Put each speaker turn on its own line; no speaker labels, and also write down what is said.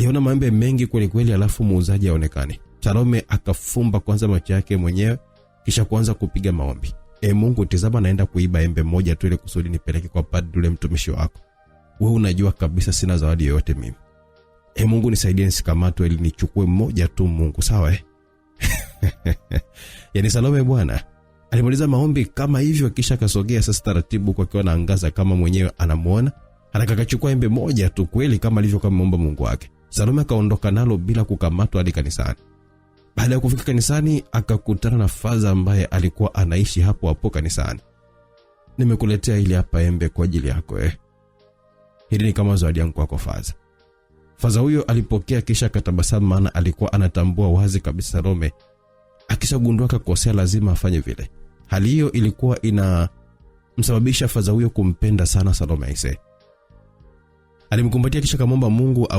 aliona maembe mengi kwelikweli, alafu muuzaji aonekane. Salome akafumba kwanza macho yake mwenyewe kisha kuanza kupiga maombi. E Mungu, tizama naenda kuiba embe moja tu ile kusudi nipeleke kwa padri yule mtumishi wako. Wewe unajua kabisa sina zawadi yoyote mimi. E Mungu, nisaidie nisikamatwe ili nichukue moja tu Mungu, sawa eh? Yaani Salome bwana alimaliza maombi kama hivyo, kisha akasogea sasa taratibu, kwa kiwa anaangaza kama mwenyewe anamuona, anakakachukua embe moja tu kweli kama alivyokuwa ameomba Mungu wake. Salome akaondoka nalo bila kukamatwa hadi kanisani. Baada ya kufika kanisani, akakutana na Faza ambaye alikuwa anaishi hapo hapo kanisani. Nimekuletea ili hapa embe kwa ajili yako eh. Hili ni kama zawadi yangu kwako Faza. Faza huyo alipokea kisha akatabasamu, maana alikuwa anatambua wazi kabisa Salome akishagundua kakosea lazima afanye vile. Hali hiyo ilikuwa inamsababisha Faza huyo kumpenda sana Salome aise. Alimkumbatia kisha kamwomba Mungu awe